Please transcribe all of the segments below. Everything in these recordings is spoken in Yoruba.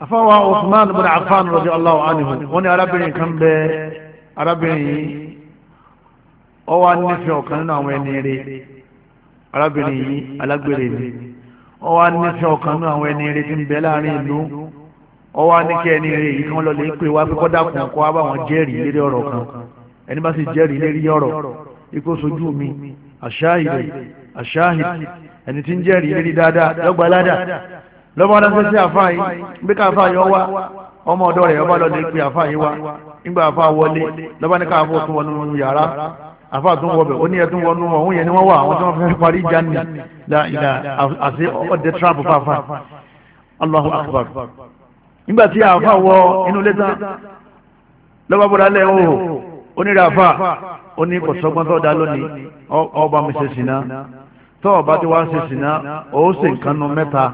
afọwa Uthman bin Affan radiyallahu anhu wọ́n ní arábìnrin kan bẹ nífẹ̀ẹ́ ọ̀kan nínú àwọn ẹni alágbèrè ni ó wá nífẹ̀ẹ́ ọ̀kan nínú àwọn ẹni rẹ̀ tí ń bẹ láàrin ìlú ó wá ní ẹni rẹ̀ yìí kan lọ lè wá pé kọ́dà kó wá bá jẹ́rìí lérí ọ̀rọ̀ kan ẹni bá sì jẹ́rìí lérí ọ̀rọ̀ ikú sojú mi ẹni ń lọ́wọ́ ránṣẹ́ sí àfáà yìí bí ká àfáà yọ wá ọmọ ọ̀dọ́ rẹ̀ ọba lọ́lẹ̀ pé àfáà yìí wá nígbà àfáà wọlé lọ́ba ní ká àfáà tún wọnú yàrá àfáà tún wọbẹ̀ ó ní ẹ tún wọnú ọ̀hún yẹn ni wọ́n wà àwọn tí wọ́n fẹ́ parí ìjà ní ìlà àti ọ̀dẹ trap fàfà Allahu Akbar nígbà tí àfáà wọ inú lẹ́tà lọ́ba bọ́dá lẹ́ o onírẹ̀ àfáà ó ní kọ̀sọ́gbọ́n tó dá lónìí ọba mi ṣe sìnà tọ́ọ̀ bá ti wá ṣe sìnà ó sì nǹkan nu mẹ́ta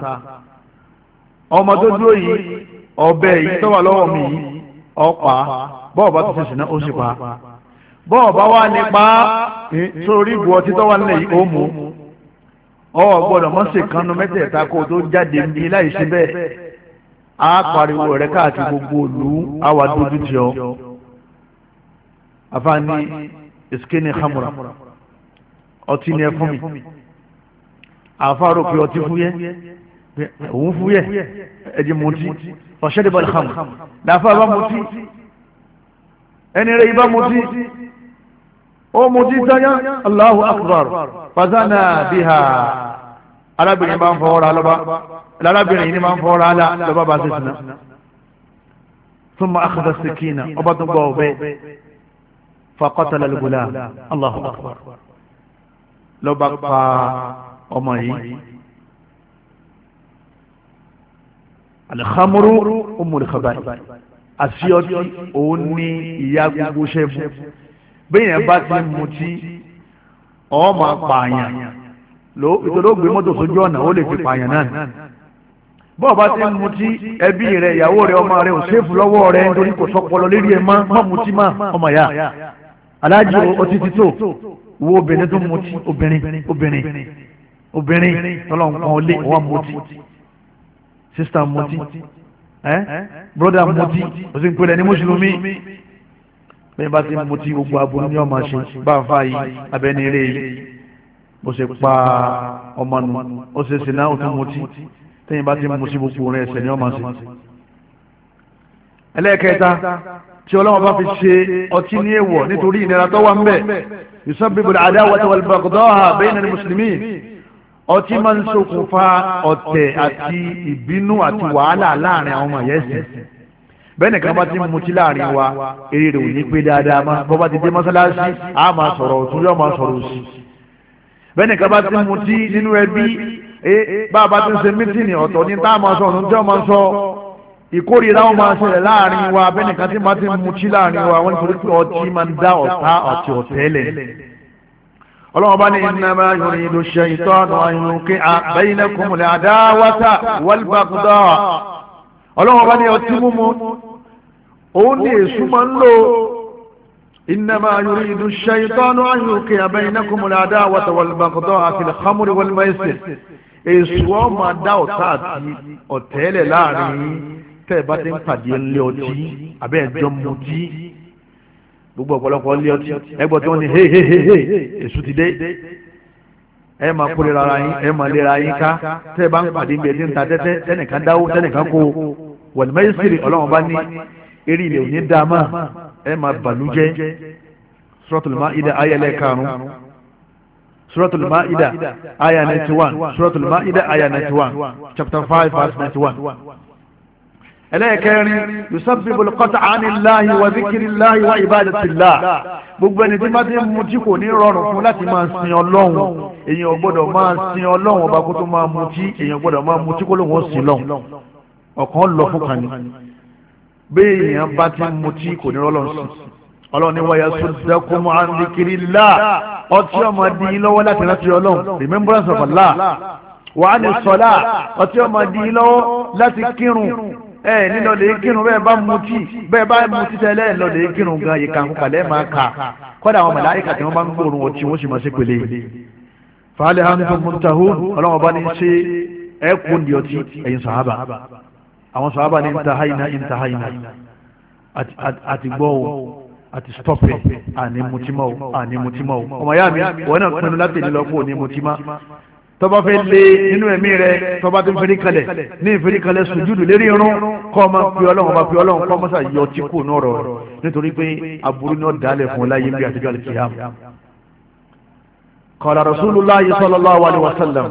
ọmọ tó dúró yìí ọ̀bẹ yìí tó wà lọ́wọ́ mi yìí ọ̀pá bọ́ọ̀ bá tó ṣe ṣìnà ó sì pa bọ́ọ̀ bá wà nípa sórí ìbú ọtí tó wà nílẹ̀ yìí ó mú ọwọ́ gbọ́dọ̀ mọ́ sí kanu mẹ́tẹ̀ẹ̀ta kó tó jáde ní láì ṣe bẹ́ẹ̀ á pariwo rẹ̀ káàkiri gbogbo òlu àwa dúdú tí ọ àfààní ìsìkéni hamura ọtí ni ẹ fún mi àfa rò pé ọtí fúyẹ́. وفوية أجي موتي فشل بالخمر دافع با موتي أني موتي أو موتي الله أكبر فزانا بها على بني بان فور على با لا فور على لبا باسسنا ثم أخذ السكينة وبدن قوبي فقتل الغلام الله أكبر لو قا أمي alihamuru umul khabari asiyọti òun ni ìyá gbogbo sẹ́fù bẹ́ẹ̀ yẹn bá ti mutí ọ̀ máa pààyàn ló ìtòló gbé mọ́tò sójú ọ̀nà ó lè ti pààyàn náà bọ́ọ̀ bá ti mutí ẹbí rẹ ìyàwó rẹ ọmọ rẹ ò sẹ́fù lọ́wọ́ rẹ nítorí kò sọpọlọ lérí ẹ má má mutí má ọmọ yá aláàjì ọtí ti tó wo obìnrin tó mutí obìnrin obìnrin obìnrin tọ́lọ́ nǹkan ó lé wọ́n mutí sista mutí ẹ broda mutí o sì ń pè lẹ ní mùsùlùmí bẹ́ẹ̀ bá ti mutí gbogbo aburú ní ọmọ ṣe bá fa yìí abẹ́ni eré yìí o sì pa ọmọ nù o sì sìn náà o tún mutí tẹ́yìn bá ti mutí gbogbo rẹ̀ ẹsẹ̀ ní ọmọ ṣe. ẹlẹ́ẹ̀kẹta tí ọlọ́wọ́n bá fi ṣe ọtí ní èèwọ̀ nítorí ìnira tó wà ń bẹ̀ yusabibu al-adawata wal-baghdha bayna al-muslimin ọtí máa ń ṣokùnfà ọ̀tẹ̀ àti ìbínú àti wàhálà láàrin àwọn ọmọ yẹn sìn bẹ́ẹ̀ nìkan bá ti mutí láàrin wa eré rẹ̀ ò ní pé dáadáa má bọ́ bá ti dé mọ́sálásí á máa sọ̀rọ̀ ọ̀tún yóò máa sọ̀rọ̀ òsì bẹ́ẹ̀ nìkan bá ti mutí nínú ẹbí e, bá a bá ti ń ṣe mítìnì ọ̀tọ̀ ní tá a máa sọ ọ̀tún tí wọ́n máa sọ ìkórìíra wọn máa ṣẹlẹ̀ láàrin wa bẹ́ẹ̀ nìkan tí máa ti mutí láàrin wa wọ́n nítorí pé ọtí máa ń dá ọ̀tá ọ̀tí ọ̀tẹ́lẹ̀ ọlọ́wọ́n bá ní innama yuridu shaytanu an yuqi'a bainakumul adawata wal baghdha ọlọ́wọ́n bá ní ọtí mímu òun ní èṣù máa ń lò innama yuridu shaytanu an yuqi'a bainakumul adawata wal baghdha fil khamri wal maisir èṣù wọn máa dá ọ̀tá àti ọ̀tẹ́lẹ̀ láàrin tẹ́ẹ̀ bá ti ń gbogbo ọ̀pọ̀lọpọ̀ ilé ọtí ẹgbọ́n tí wọ́n ní hey hey hey èṣù ti dé ẹ máa kó lera ara yín ẹ máa lera yín ká tẹ́ ẹ bá ń pàdé ibi ẹtí ń ta tẹ́tẹ́ tẹ́nìkan dáwó tẹ́nìkan kó wọ̀lùmẹ́sìrì ọlọ́run bá ní eré ilẹ̀ òní dáama ẹ máa bàlújẹ́ Suratul Maida ayẹlẹ́ karùn-ún Suratul Maida ayah ninety one Suratul Maida ayah ninety one chapter five verse ninety one ẹlẹ́ẹ̀kẹrin yusufu olùkọ́ta aniláhi wa zikiriláhi wa ibadatilá gbogbo ẹni tí máa ti mú tí kò ní rọrùn fún láti máa sin ọlọ́run èèyàn ò gbọ́dọ̀ máa sin ọlọ́run ọba kó tó máa mú tí èèyàn ò gbọ́dọ̀ máa mú tí kó lóun ó sin lọ́hùn ọ̀kan lọ fún kan ni bẹ́ẹ̀ èèyàn bá ti mú tí kò ní rọrùn sí ọlọ́run ní wáyà sódàkùnmọ́ anikirilá ọtí ọmọdé yín lọ́wọ́ láti rántí ọlọ́run remembrance of Allah wàá ní sọlá ọtí ọmọdé yín lọ́wọ́ láti kírun ẹ nínú lè kírun bẹ́ẹ̀ bá mutí bẹ́ẹ̀ bá mutí tẹ́lẹ̀ lọ lè kírun gan yìí kan kàlẹ́ máa kà kọ́dà àwọn màláíkà tí wọ́n bá ń gbóòórùn ọtí wọ́n sì máa ṣe pèlè. fàálẹ̀ hàmdùn mùtàhù ọlọ́wọ́n bá ní ṣe ẹ kún di ọtí ẹ̀yin sàhábà àwọn sàhábà ní ntàháyìnà ntàháyìnà àti gbọ́ o àti stọ́pẹ̀ àní mutímọ́ àní O ọmọ yá mi wọ́n náà pinnu láti ìlú lọ́kọ́ òní mutímọ́ tọba fẹ́ lé nínú ẹ̀mí rẹ tọba tó ń fẹ́ kalẹ̀ ní ìfẹ́ kalẹ̀ sùjúdù lérí irun kọ́ ọmọ fi ọlọ́run ọba fi ọlọ́run kọ́ mọ́sá yọ nítorí pé aburú náà dálẹ̀ fún ọláyé bí àtijọ́ àlùkìyàm. qala rasulullahi sallallahu alaihi wasallam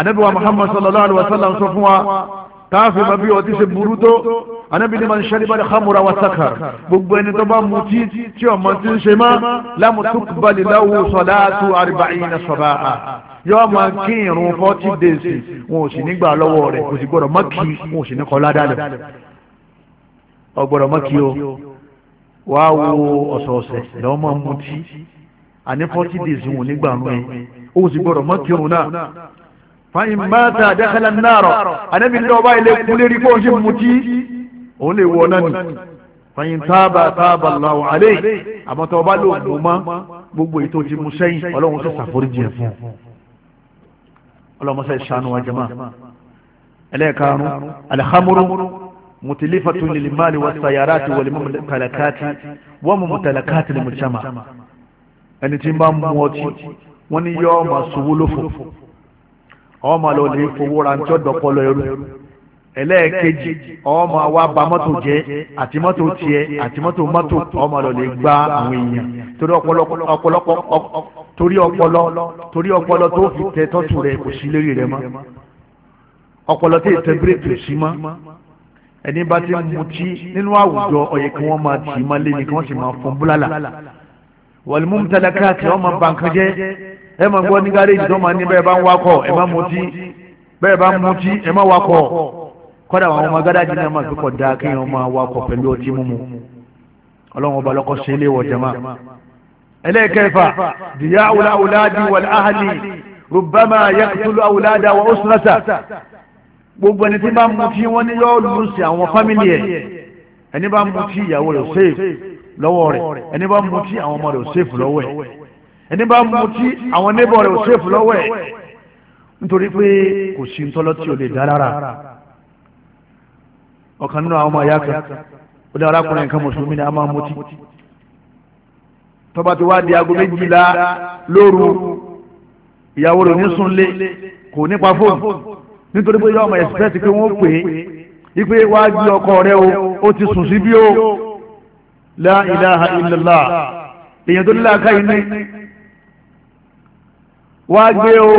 anabiwa muhammad sallallahu alaihi wasallam sọ fún wa táàfin ma bí ọtí ṣe burú tó anábìíní ma ń ṣàlìbàdì hamura wa sakar gbogbo ẹni tó bá mu tí tí ọmọ tí ń ṣe má lámùtú balẹ̀ láwù sọ̀dáàtú àrìbáyìn sọ̀bà á yóò máa kí irun forty days wọn ò sì ní gbà lọ́wọ́ rẹ̀ kò sì gbọ́dọ̀ má kí wọn ò sì ní kọ́ ládàlẹ̀ ọgbọ́dọ̀ má kí o wá wo ọ̀sọ̀ọ̀sẹ̀ lọ́wọ́ máa mu tí àní forty days wọn ò ní gbà rún ẹ o sì gbọ́dọ̀ má kí irun náà fáyín máta dákàlà náàrọ̀ anábì ní ọba ilé kú lérí kó ṣe mutí òun lè wọ náà ni fáyín tábà tábà Allahu alayhi àmọ́ tó ọba ló mú mọ́ gbogbo ètò ti mú sẹ́yìn ọlọ́run tó ṣàforíjì ẹ̀ fún ọlọ́mọṣẹ́ ṣàánú wa jẹ́mọ́ ẹlẹ́ẹ̀karùn-ún mutilifatu lilimali wa sayarati wa limutalakati wa mutalakati limujama ẹni tí ń bá mú ọtí wọ́n ní yọ́ ọ́ máa sọ wúlò fún ọmọ lọ lè fowó ra ntí ọdọ kọlọ ẹrú ẹlẹ́ẹ̀kejì ọmọ wa bà mọ́tò jẹ́ àti mọ́tò tiẹ̀ àti mọ́tò mọ́tò ọmọ lọ lè gba àwọn èèyàn torí ọ̀pọ̀lọpọ̀ torí ọpọlọ torí ọpọlọ tó fi tẹ tọ́tù rẹ kò sí lérí rẹ mọ́ ọpọlọ tó tẹ bírèkì sí mọ́ ẹni bá ti mutí nínú àwùjọ ọ̀yẹ̀ kí wọ́n máa tì í mọ́lé ni kí wọ́n sì máa fún búlálà wàlúmùtàlákà tí wọ́n máa bà nǹkan jẹ́ ẹ máa gbọ́ ní gáréjì tó máa ní bẹ́ẹ̀ bá ń wakọ̀ ẹ má mutí bẹ́ẹ̀ bá ń mutí ẹ má wakọ̀ kọ́dà àwọn ọmọ gádájì náà máa kíkọ̀ dáa kí wọ́n máa wakọ̀ pẹ̀lú ọtí mímu ọlọ́run ọba lọ́kọ́ ṣe é léwọ̀ jama ẹlẹ́ẹ̀kẹfà dìyà awuláwuládi wàláhàlì rubama yakutulu awulada wa osunasa gbogbo ẹni tí bá mutí wọn ni yóò lọ́wọ́ rẹ̀ ẹni bá mutí àwọn ọmọ rẹ̀ ò sèfù lọ́wọ́ ẹ̀ ẹni bá mutí àwọn neighbor rẹ̀ ò sèfù lọ́wọ́ ẹ̀ nítorí pé kò sí ntọ́lọ́ tí o lè dá rárá ọ̀kan nínú àwọn ọmọ ìyá kan ó dá arákùnrin nǹkan mùsùlùmí ni a máa mutí tọ́ba ti wá di aago méjìlá lóru ìyàwó rẹ̀ ò ní sunlé kò nípa fóònù nítorí pé yọ ọmọ ẹ̀sìpẹ́ẹ̀tì pé wọ́n pè é ipe wá gbé ọkọ rẹ o ó ti sùn síbí o la ilaha illallah èyàn tó nílá ká iná wá gbé o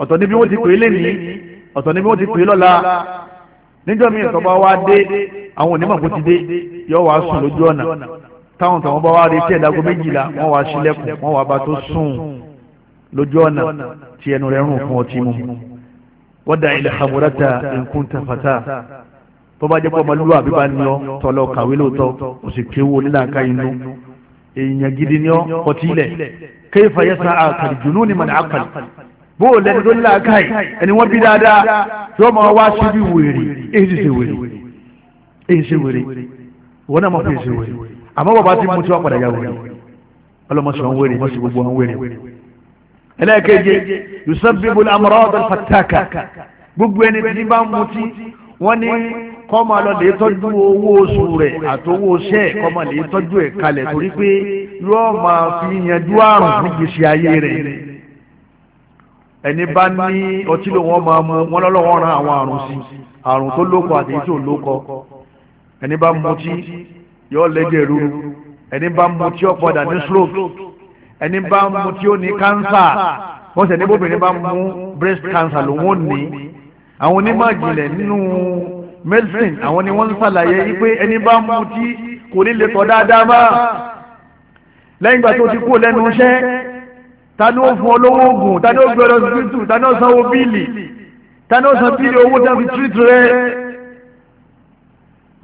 ọ̀tọ̀ níbi wọ́n ti pè é lénìí ọ̀tọ̀ níbi wọ́n ti pè é lọ́la níjọ́ mi ìtọ́ bá wá dé àwọn onímọ̀ kó ti dé yọ wá sùn lójú ọ̀nà táwọn tàwọn bá wá retí ẹ̀dágó méjìlá wọ́n wá sílẹ̀kùn wọ́n wá bá tó sùn lójú ọ̀nà tí ẹnu rẹ̀ rùn fún ọtí mu wọ́n dà ilẹ̀ hamurata nǹkan tó bá jẹ́ pé ọmọlúwà bí bá ní ọ tọlọ kàwé lóòótọ́ kò sì kéwò nílànká inú èèyàn gidi ní ọ kọtí ilẹ̀ kéfà yẹ san àkàlì jùlọ ní mọ̀nà àkàlì bó o lẹni tó nílànká yìí ẹni wọ́n bí dáadáa tí wọ́n máa wá sí bí wèrè èyí sì ṣe wèrè èyí ṣe wèrè wọn náà máa fi ṣe wèrè àmọ́ bàbá ti mú tí wọ́n padà yà wèrè ọlọ́mọṣẹ́ wọn wèrè mọ́ṣẹ́ gbogbo wọn wèrè ẹlẹ́ẹ̀kejì yusuf bíbélì amúrọ́dọ̀ fataka gbogbo ẹni tí bá mutí wọ́n ní kọ́mọ lọ lè tọ́jú owó oṣù rẹ̀ àtowó iṣẹ́ kọ́mọ lè tọ́jú ẹ̀ kalẹ̀ torí pé yóò máa fi yanjú àrùn fún gbèsè ayé rẹ̀ ẹni bá ní ọtí ló wọn máa mu wọn lọ́lọ́wọ́ ran àwọn àrùn sí àrùn tó lóko àti tó lóko ẹni bá mutí yóò lẹ́jẹ̀ ruru ẹni bá mutí ó padà ní stroke ẹni bá mutí ó ní cancer wọ́n sẹ̀ ní bóbìnrin bá mu breast cancer lòun ò ní àwọn onímọ̀ ìjìnlẹ̀ nínú medicine àwọn ni wọ́n ń ṣàlàyé yìí pé ẹni bá mú tí kò ní lè tọ́ dáadáa máa lẹ́yìn ìgbà tó ti kú lẹ́nu iṣẹ́ ta ni ó fún ọ lówó oògùn ta ni ó gbé ọ lọ sí tútù ta ni ó sanwó bíìlì ta ni ó san bíìlì owó tí wọ́n fi tírìtì rẹ̀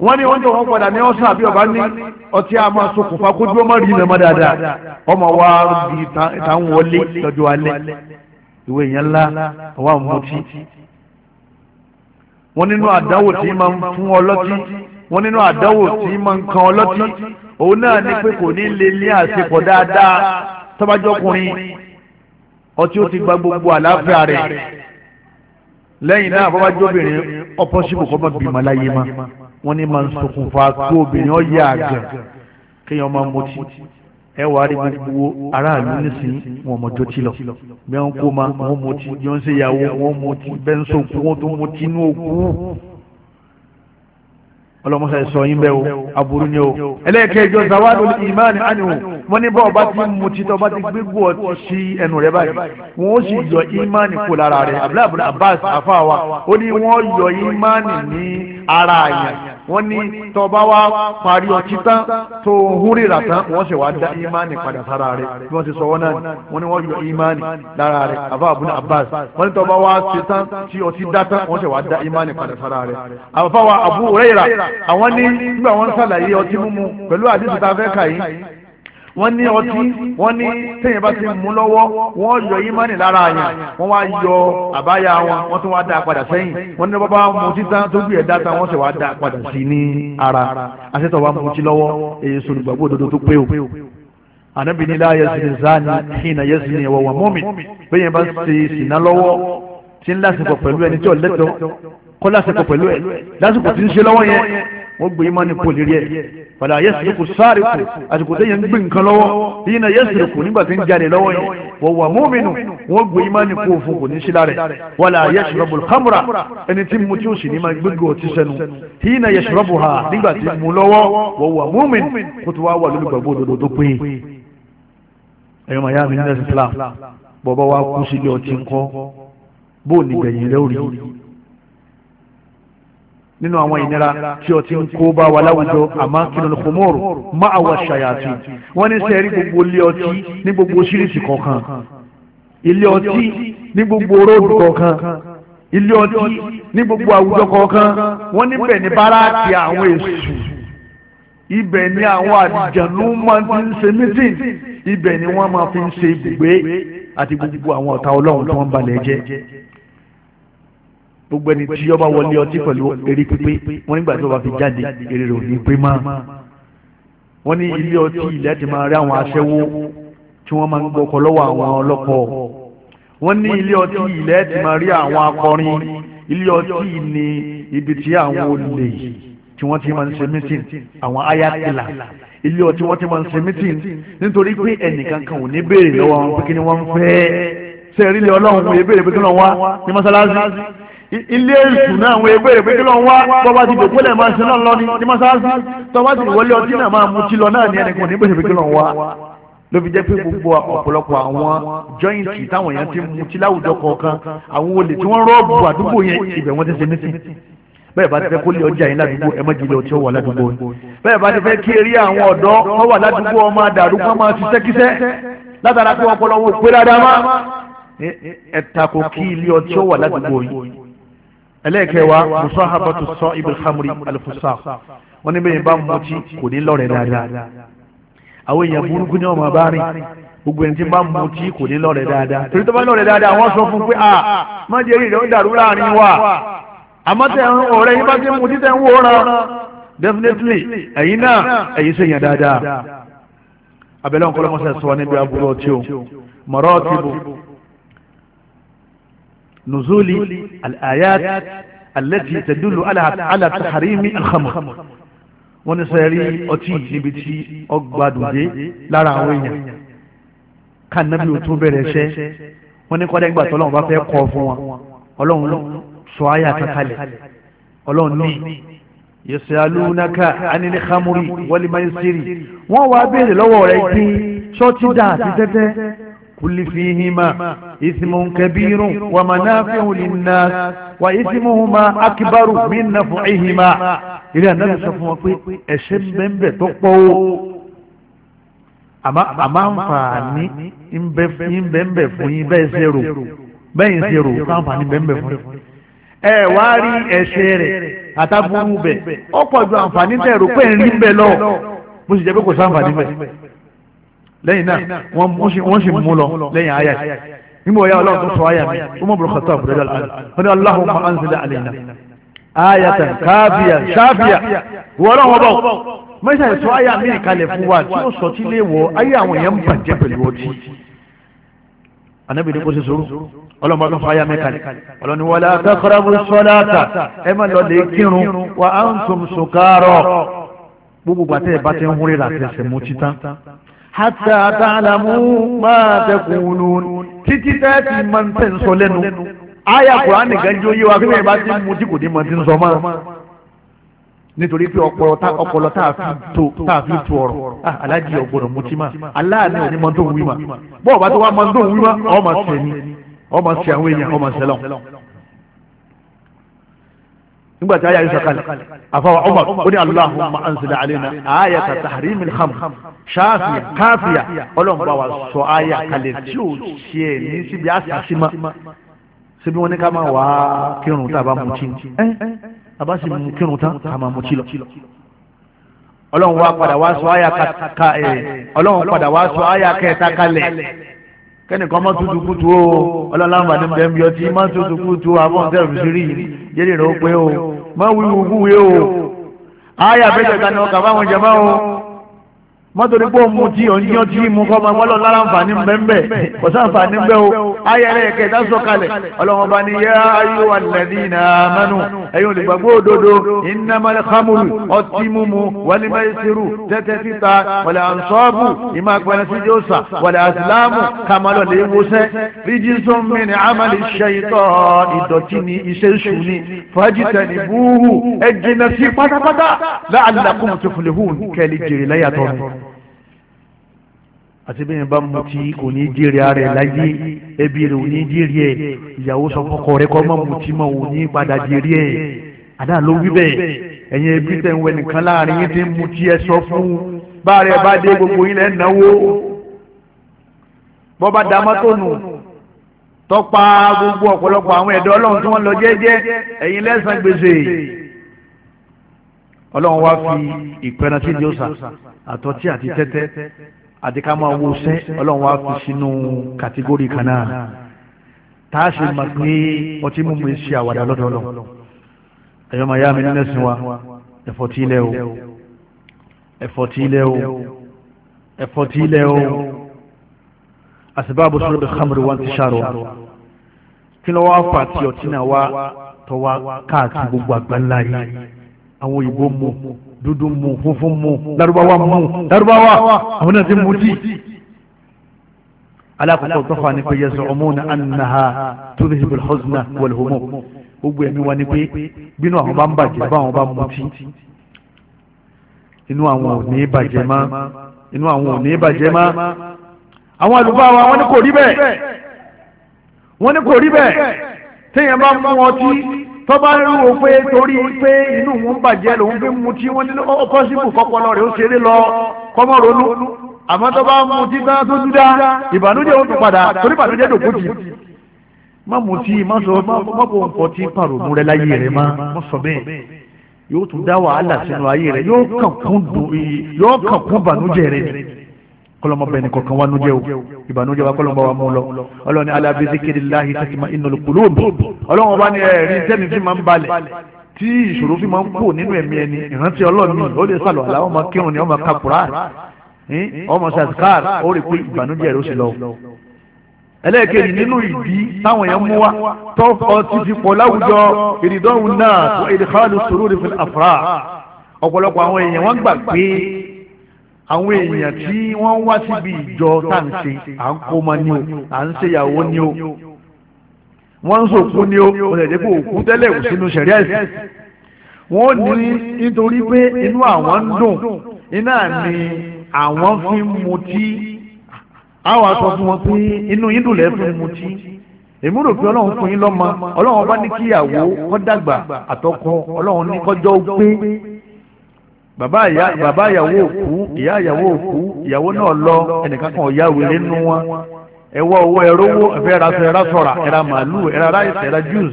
wọ́n ní wọ́n tó wọ́n padà ní ọ̀sán àbí ọba ní ọtí a máa ṣokùnfà kójú ọmọ rí ilẹ̀ mọ́ dáadáa ọmọ wa di ìtàn wọlé lọ́jọ́ alẹ́ ìwé yẹn ńlá àwa mutí wọ́n nínú àdánwò tí máa ń fún ọlọ́tí wọ́n nínú àdánwò tí máa ń kan ọlọ́tí òun náà ni pé kò ní lè ní àṣepọ̀ dáadáa tọ́bajọ́kùnrin ọtí ó ti gba gbogbo àlàáfíà rẹ̀ lẹ́yìn náà bọ́bájọ́bìnrin ọ̀pọ̀ṣibù kọ́ máa bímọ láyé ma wọ́n ní máa ń ṣokùnfà kó obìnrin ọ̀ yẹ kéèyàn máa mutí ẹ wà rí gbogbo aráàlú nísìnyí wọn mọ̀jọ́ tí lọ bí wọ́n kó ma wọ́n mú ti bí wọ́n ṣe yàwó wọ́n ti bẹ́ẹ̀ ń sọ̀kú wọ́n tó mú ti inú òkú ọlọ́mọṣẹ́ sọ yín bẹ́ẹ̀ o aburú ni o ẹlẹ́ẹ̀kẹ́jọ zawadu imaani aniwo wọ́n ní bọ́ọ̀ bá ti mú títọ́ bá ti gbégbó ọtí sí ẹnu rẹ báyìí wọ́n sì yọ ìmánì kó lára rẹ abdulhamid abbas afawa ó ní wọ́n yọ ìmánì ní ara àyàn wọ́n ní tọba wa parí ọtí tán tó húrìrà tán wọ́n sì wá dá ìmánì padà sára rẹ bí wọ́n ti sọ wọ́n náà wọ́n ní wọ́n yọ ìmánì lára rẹ afaabun abbas wọ́n ní tọba wa ṣe tán tí ọtí dá tán wọ́n sì wá dá ìmánì padà sára rẹ afawa abu huraira àwọn ní nígbà wọ́n sàlàyé ọtí mímu pẹ̀lú àdìsí tá fẹ́ kà yìí wọ́n ní ọtí wọ́n ní téèyàn bá ti mú lọ́wọ́ wọ́n yọ ìmánì lára yẹn wọ́n wá yọ àbáyá wọn wọ́n tún wá dá a padà sẹ́yìn wọ́n ní bàbá mu títà tó bí ẹ̀dá tán wọ́n sì wá dá padà sí ní ara àṣetọ̀ wa mú ti lọ́wọ́ èyí sọ̀rọ̀gbàgbọ́ òdodo tó pé o ànábì ní láyé sinmi zani hìnà yé sinmi ìwọ̀wọ̀ mọ́mì bẹ́ẹ̀ yẹn bá ti sìnà lọ́wọ́ tí ńlá sìnkọ̀ kọ́ lásìkò pẹ̀lú ẹ̀ lásìkò tí ń ṣe lọ́wọ́ yẹn wọ́n gbé imá ní pòlì rí ẹ̀ padà yẹ́sìrìkù sáàrìkù àsìkò tẹ́yẹ ń gbé nǹkan lọ́wọ́ yìí na yẹ́sìrìkù nígbà tí ń jáde lọ́wọ́ yẹn wọ́n wà múmínú wọ́n gbé imá ní kó fún kò ní sílá rẹ̀ wàlà yẹ́sìrìkù hamra ẹni tí mu tí ó sì ní ma gbégbé ọtí sẹ́nu yìí na yẹ́sìrìkù ha nígbà tí mu lọ́wọ́ wọ́n wà múmínú kó nínú àwọn ìnira tí ó ti ń kó bá wa láwùjọ àmọ́ kí ló kò mọ́rò má àwa ṣàyàtì wọ́n ní sẹ́ẹ̀rí gbogbo ilé ọtí ní gbogbo ṣíríṣì kọ̀ọ̀kan ilé ọtí ní gbogbo róòdù kọ̀ọ̀kan ilé ọtí ní gbogbo àwùjọ kọ̀ọ̀kan wọ́n níbẹ̀ ní báráàkì àwọn èṣù ibẹ̀ ni àwọn àdìjànú máa ti ń ṣe mítìn ibẹ̀ ni wọ́n máa fi ń ṣe ibùgbé àti gbogbo àwọn ọ̀tá ọlọ́run tó ń balẹ̀ jẹ́ gbogbo ẹni tí ọba wọlé ọtí pẹ̀lú eré pípé wọ́n nígbà tí ọba fi jáde eré rẹ̀ ò ní pé máa wọ́n ní ilé ọtí ilẹ̀ ti máa rí àwọn aṣẹ́wó tí wọ́n máa ń gbọ́kọ̀ lọ́wọ́ àwọn ọlọ́kọ̀ wọ́n ní ilé ọtí ilẹ̀ ti máa rí àwọn akọrin ilé ọtí ni ibi tí àwọn olè tí wọ́n ti máa ń ṣe mítìn àwọn ayatollah ilé ọtí wọ́n ti máa ń ṣe mítìn nítorí pé ẹnìkan ò ní béèrè lọ́wọ́ àwọn pé kí ni wọ́n ń fẹ́ sẹ́ẹ̀rí ilé ọlọ́run èébèrè pé kí wọ́n wá ní mọ́sálásí ilé ìsùn náà àwọn ewé rẹ̀ pé kí ló ń wá bọ́ba ti dòkó lẹ̀ máa ṣe náà lọ ní mọ́sáàsì tọ́ba ti wọlé ọtí náà máa mutí lọ náà ní ẹnìkan ní bẹ́sẹ̀ pé kí ló ń wá ló fi jẹ́ pé gbogbo ọ̀pọ̀lọpọ̀ àwọn jọ́ìntì táwọn èèyàn ti mutí láwùjọ kọ̀ọ̀kan àwọn olè tí wọ́n rọ́ọ̀bù àdúgbò yẹn ibẹ̀ wọ́n ti ṣe mítìn bẹ́ẹ̀ bá ti fẹ́ kó lé ọjà yín ládùúgbò ẹ mọ́jì ilé ọtí ó wà ládùúgbò bẹ́ẹ̀ bá ti fẹ́ kí eré àwọn ọ̀dọ́ ó wà ládùúgbò ọmọ àdàrúgbọ́n máa ṣiṣẹ́ kíṣẹ́ látara pé ọpọlọ wọn ò pé dáadáa má ẹ tako kí ilé ọtí ó wà ládùúgbò yín ẹlẹ́ẹ̀kẹwàá Habatu sọ ibil hamri alifusa wọn ní bẹ́ẹ̀ bá mutí kò ní lọ́rẹ̀ dáadáa àwọn èèyàn burúkú ni wọn máa bá rìn gbogbo ẹni tí bá kò ní dáadáa torí tó bá dáadáa sọ fún a má dàrú láàrin wa ń yín bá ti ń definitely náà dáadáa sọ níbi aburú o Mọrọ ọtí nùzúlì àyàt alẹ́tì tẹ̀dúlù alàtàrímì alhamr wọ́n ní sẹ́rí ọtí níbi tí ọgbàdùdé lára àwọn èèyàn ká nábì ò tó bẹ̀rẹ̀ ṣẹ́ wọ́n ní kọ́dá ìgbà tọ́lọ́run bá fẹ́ kọ́ fún wọn ọlọ́run sọ ayà kankalẹ̀ ọlọ́run ní yasalunaka anil khamri wal maisiri wọ́n wá béèrè lọ́wọ́ rẹ̀ pé ṣọ́tí dà àti tẹ́tẹ́ كل فيهما اسم كبير ومنافع للناس واسمهما أكبر من نفعهما إلى akibaru صلى أشم بمبه تقبو أما أما أنفعني إن بمبه فوني بأسيرو بأسيرو أنفعني بمبه فوني ẹ wá rí ẹ̀ṣẹ̀ rẹ̀ àtàbùrù bẹ̀ ọ̀pọ̀ ju àǹfààní pé lọ mo sì pé kò lẹ́yìn náà wọ́n sì mú lọ lẹ́yìn ayé nígbà wọ́n yá ọlọ́run tó sọ ayé mi Umar bin Khattab rẹ̀ lọ́la wọ́n ní Allahumma anzil alayna ayatan káfíà ṣáfíà wọ́n lọ́wọ́ bọ̀ mẹ́sà ẹ̀ sọ ayé mi kalẹ̀ fún wa tí ó sọ tí lè wọ ayé àwọn èèyàn ń bàjẹ́ pẹ̀lú ọtí anabi ni kò sí sòrò ọlọ́mọ ọdún fàáyà mẹ́kàlẹ̀ ọlọ́ni wọlé akẹ́kọ̀ọ́bù sọ́láàtà ẹ gbogbo àti ẹ̀ bá ń húnrẹ́ àti ẹ̀sẹ̀ mú títán hátà àtàlàmú máa tẹkùn lónìí títí tẹ́ẹ̀tì máa ń tẹ̀ ń sọ lẹ́nu àyà kùránì gan jó yé wa kí lóye bá ti mú tí kò ní máa ti ń sọ máa nítorí pé ọpọlọ tá a fi tu ọ̀rọ̀ ah, aláàjì ọgbọ́dọ̀ mutí ma aláàánú òní máa ń tó wí ma bọ́ọ̀ bá tó wá máa ń tó wí ma ọ̀ máa sẹ́ni ọ̀ máa sẹ́ àwọn èèyàn ọ̀ máa sẹ́lọ̀ nígbà tí aya yìí sọ̀kalẹ̀ àfọwọ́ Umar ó ní Allahumma anzil alayna ayata tahrim al-khamr ṣáàfìyà káàfìyà ọlọ́run bá wa sọ aya kalẹ̀ tí ò ṣe é ní síbi àṣàṣìmá síbi wọn ní ká máa wá kírun tá a bá mutí ẹ a bá sì mú kírun tán ká máa mutí lọ. ọlọ́run wá padà wá sọ aya kẹta kalẹ̀ kẹ́nìkan mọ́ tuntun kútu o ọlọ́láǹfà ní bẹ́ẹ̀ bí ọtí mọ́ tuntun kútu àbọ̀n tẹ̀rù sírí jẹ́rìí rẹ̀ ó pé o mọ́ wíwú wúwe o ayé àbẹ́jẹ̀ kan ní ọkà báwọn jẹ báwọn mọ́tòrí pé òun mú tí òyìnbó tí mú kọ́ máa wọ́lọ́ lára nfààní mbẹ́mbẹ́ kò sáǹfààní mbẹ́ o ayẹlẹ kẹta sọ̀kalẹ̀ ọlọ́wọ́n bá ní yá ayé wà lẹ́dí iná mẹ́nu ẹ̀yin olùgbàgbọ́ òdodo ìnámalẹ̀ hamuru ọtí mímu wàlímẹ́sirù tẹ́tẹ́ títa wàlẹ̀ ansọ́ọ̀bù ìmọ̀ àgbẹ̀rẹ̀ sí jọ́sà wàlẹ̀ asilamu kàmálọ̀ lè wọṣẹ́ ríjísùn mi ní amali ṣẹ́yìntọ́ ìdọ̀tí ni iṣẹ́ sùn ni fàájìtẹ̀ àti bẹ́ẹ̀ bá mu tí kò ní jèrè ara ẹ̀ láyé ẹbí rẹ̀ ò ní jèrè ẹ̀ ìyàwó sọ fọkọ rẹ̀ kọ́ mọ́ mu tí mọ́ ò ní padà jèrè ẹ̀ àdá ló wí bẹ́ẹ̀ ẹ̀yin ẹbí tẹ̀ ń wẹ̀ nìkan láàrin yín ti mu tí ẹ sọ fún báàrẹ̀ bá dé gbogbo yín lẹ́ náwó bọ́ba dàmọ́tònù tọ́pa gbogbo ọ̀pọ̀lọpọ̀ àwọn ẹ̀dọ́ ọlọ́run tí wọ́n lọ jẹ́jẹ́ ẹ̀yin lẹ́sàn gbèsè ọlọ́run wá fi ìpẹ́rẹ́ sí ìdí òsà àtọ́tí àti tẹ́tẹ́ àti wo sẹ́ ọlọ́run wá fi sínú kàtígórì kan náà tá a sì mọ̀ pé ọtí mímu ń ṣe àwàdà mi nínú ẹ̀sìn wa ẹ̀fọ́ tí ilẹ̀ o ẹ̀fọ́ tí ilẹ̀ o ẹ̀fọ́ tí ilẹ̀ o àsìbáàbò sọ̀rọ̀ bẹ̀ xamri wa ti ṣàrọ̀ kí ló wá fà tí ọtí náà wá tọ́ wá káàkiri gbogbo àgbáńlá yìí àwọn òyìnbó mú dúdú mu funfun mu Lárúbáwá mu Lárúbáwá àwọn náà ti mu tí. alákòókò tó fa ni pé yẹsọ ọmọ ní anaha tóbi hibul hosna wàlúhùmọ gbogbo ẹ̀mí wa ni pé bínú àwọn bá ń bàjẹ́ báwọn bá mu tí inú àwọn ò ní bàjẹ́ má inú àwọn ò ní bàjẹ́ má àwọn àlùfáà wa wọ́n kò rí bẹ́ẹ̀ wọ́n ní kò rí bẹ́ẹ̀ téèyàn bá mú ọtí tó bá rí wo pé torí pé inú òun bàjẹ́ lòun fi mu tí wọ́n ní pọ́sibù kọ́pọ̀lọ́ rẹ̀ ó ṣeré lọ kọ́mọ́ ronú àmọ́ tó bá mu tí tán tó dúdá ìbànújẹ́ ó tún padà torí ìbànújẹ́ dòkúti má mu tí má sọ má bò ń pọ̀ tí pàròmù rẹ láyé rẹ má má sọ bẹ́ẹ̀ yóò tún dá wàhálà sínú ayé rẹ yóò kàn kún bànújẹ́ rẹ kọlọmọ bẹ ní kọ̀kan wánú jẹ́ o ìbànújẹ́ wa kọlọmọ wa mú lọ ọlọ́run ní alábi zikirillahi tatma innul qulub ọlọ́run wa ní ẹ̀rí tẹ́mi fi máa ń balẹ̀ tí ìṣòro fi máa ń kú nínú ẹ̀mí ẹni ìrántí ọlọ́run mi ó lè sàlọ̀ àlá ọmọ kírun ni ọmọ kakura ọmọ sàskar ó rí pé ìbànújẹ́ rẹ̀ ó sì lọ. ẹlẹ́ẹ̀kejì nínú ìdí táwọn èèyàn mú wa tọ́kọ ti fi pọ̀ láwùjọ ìrìndọ́hùn náà tó ìdíkàlù sùúrù fil afra ọ̀pọ̀lọpọ̀ àwọn èèyàn wọ́n gbà pé àwọn èèyàn tí wọ́n wá síbi ìjọ tá à ń ṣe à ń kó ma ní o à ń ṣèyàwó ní o wọ́n ń sòkú ní o ọ̀sẹ̀dẹ́ kò kú tẹ́lẹ̀ kù sínú sẹ̀rí ẹ̀sìn wọ́n ní nítorí pé inú àwọn ń dùn iná ni àwọn fi ń mutí àwọn aṣọ fún wọn pé inú yín dùn lẹ́ẹ̀ fi ń mutí èmi rò pé ọlọ́run fún yín lọ́mọ ọlọ́run bá ní kíyàwó kó dàgbà àtọkọ ọlọ́run ní kọjọ́ pé bàbá ìyàwó òkú ìyá ìyàwó òkú ìyàwó náà lọ ẹnìkan kan ọ̀yá wèrè nínú wọn ẹwọ́ owó ẹrọ́wó ẹ̀fẹ́ raṣọ ẹ̀rá sọ̀rà ẹ̀rá màálù ẹ̀rá ráìsì ẹ̀rá jùs